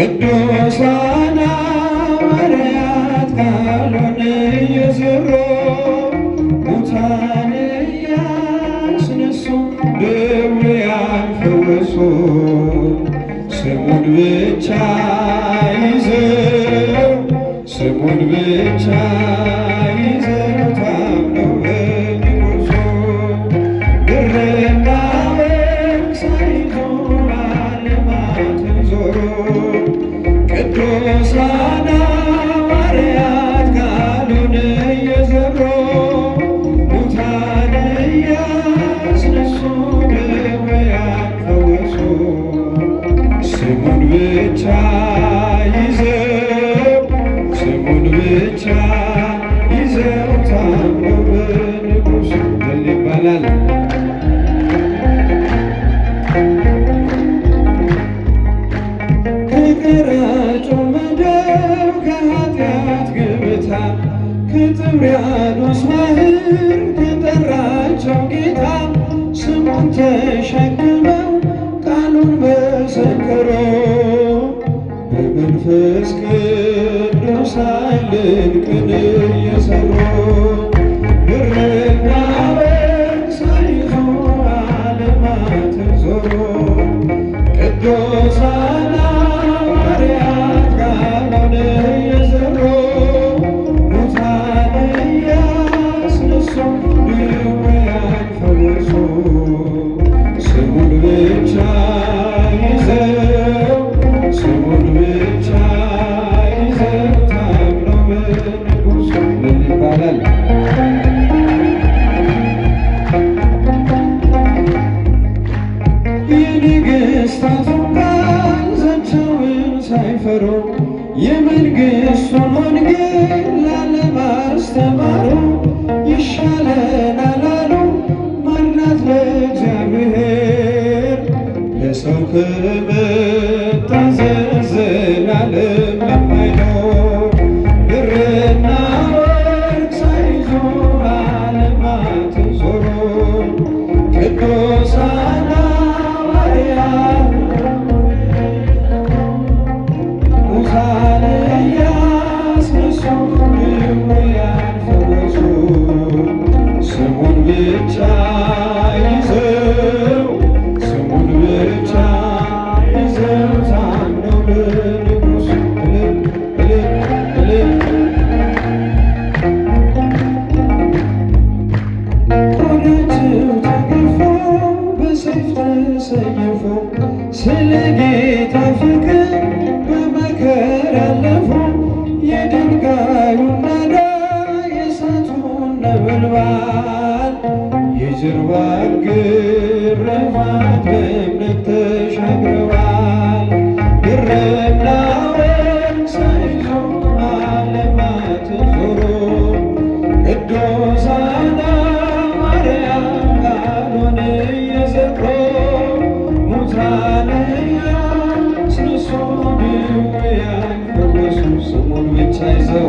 ቅዱሳን ሐዋርያት ቃሉን እየዘሩ ሙታን እያስነሱ ድውያን ፈወሱ ስሙን ብቻ ይዘው ስሙን ብቻ ፍቅር ጨመደው ከኃጢአት ግብታ ከጥብርያዶስ ባህር ከጠራቸው ጌታ ስሙን ተሸክመው ቃሉን መሰከሩ በመንፈስ ቅዱስ Lord. እንባል የጀርባ ግርፋት በእምነት ተሻግረዋል። ግርና ወርቅ ሳይዙ ዓለማት ዞሮ ቅዱሳን ሐዋርያት ቃሉን እየሰሩ ሙታንን ሕያዋን ድውያን ፈወሱ፣ ስሙን ብቻ ይዘው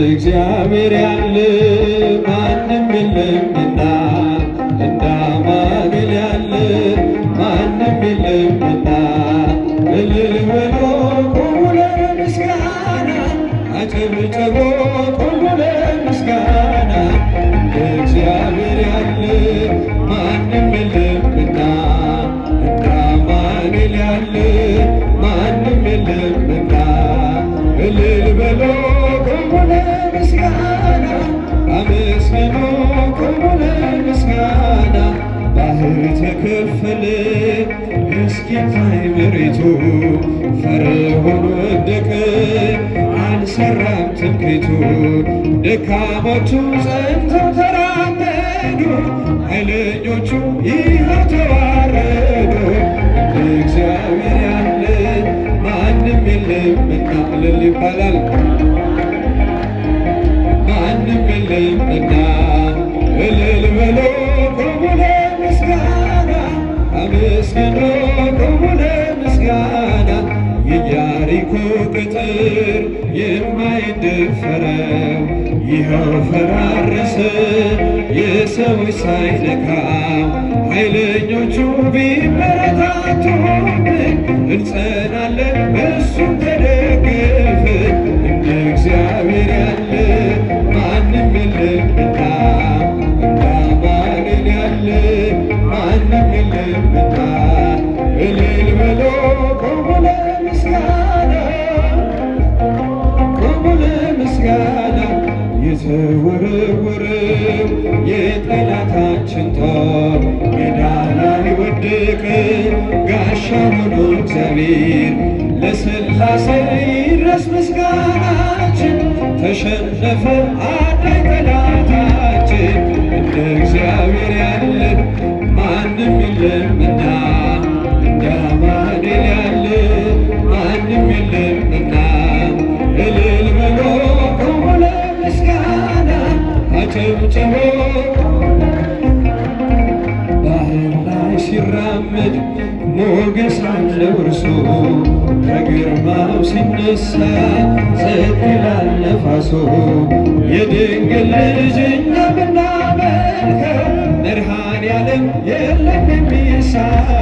እግዚአብሔር ያለ ማንም የለምና እንደ አማኑኤል ያለ ማንም የለምና እልል በሉ አጨብጭቡ ፈርዖን ወደቀ፣ አልሰራም ትምክህቱ። ደካሞቹ ጸንተው ተራመዱ፣ ኃይለኞቹ ተደፈረው ይኸው ፈራረሰ የሰዎች ሳይለካ ኃይለኞቹ ቢበረታቱም እንጸናለን እሱም ተደገፍን እንደ እግዚአብሔር ያለ ማንም የለምና እንደ አማኑኤል ያለ ማንም የለምና እልል በሎ ቆሙለን የተወረወረው የጠላታችን ጦር ሜዳ ላይ ወደቀ ጋሻ ሆኖ እግዚአብሔር ለሥላሴ ይድረስ ምስጋናችን። ተሸነፈ አዳኝ ጠላታችን እንደ እግዚአብሔር ባህር ላይ ሲራመድ ሞገስ አለው እርሱ ከግርማው ሲነሳ ጸጥ ይላል ነፋሱ። የድንግል ልጅ እኛ ብናመልከው መድኃኔዓለም የለም የሚሳነው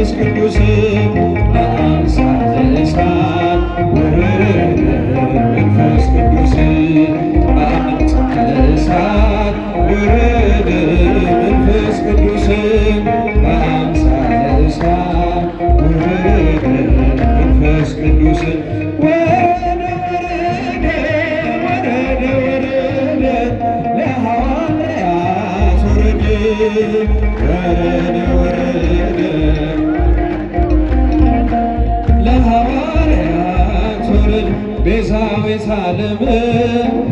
መንፈስ ቅዱስ መንፈስ ቅዱስ መንፈስ ቅዱስ መንፈስ ቅዱስ ወረደ ቤዛ ዓለም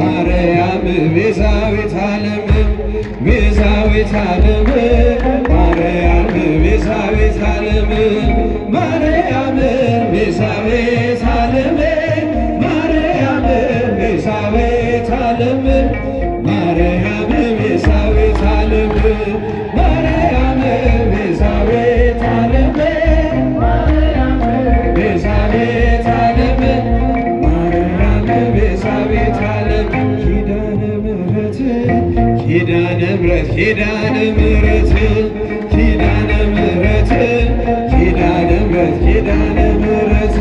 ማርያም ቤዛዊት ዓለም ቤዛዊት ዓለም ማርያም ቤዛዊት ዓለም ማርያም ቤዛዊት ኪዳነ ምሕረት ኪዳነ ምሕረት ኪዳነ ምሕረት ኪዳነ ምሕረት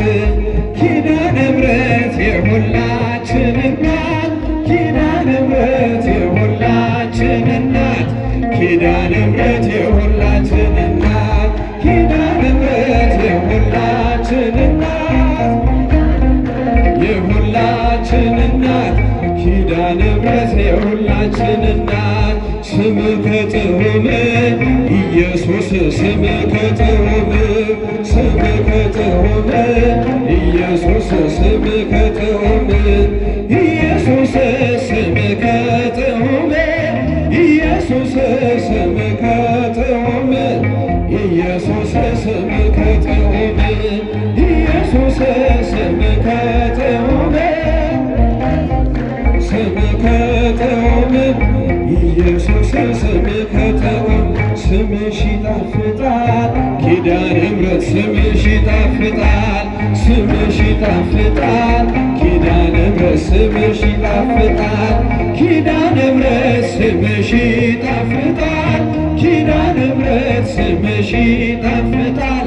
ኪዳነ ምሕረት የሁላችን እናት ኪዳነ ምሕረት የሁላችን እናት ኪዳነ ምሕረት የሁላችን እናት ኪዳነ ምሕረት የሁላችን እናት የሁላችን እናት ኪዳነ ምሕረት የሁላችን እናት ስም ከጥሩም ኢየሱስ ስም ከጥሩም ስም ከጥሩም ኢየሱስ ስም ኢየሱስ ስም ኢየሱስ ስም ኢየሱስ ስም ኢየሱስ ስም ኢየሱስ ስምህ ከተማ ስምሽ ይጣፍጣል፣ ኪዳነ ምሕረት ስምሽ ይጣፍጣል፣ ስምሽ ይጣፍጣል፣ ኪዳነ ምሕረት ስምሽ ይጣፍጣል፣ ኪዳነ ምሕረት ስምሽ ይጣፍጣል፣ ኪዳነ ምሕረት ስምሽ ይጣፍጣል፣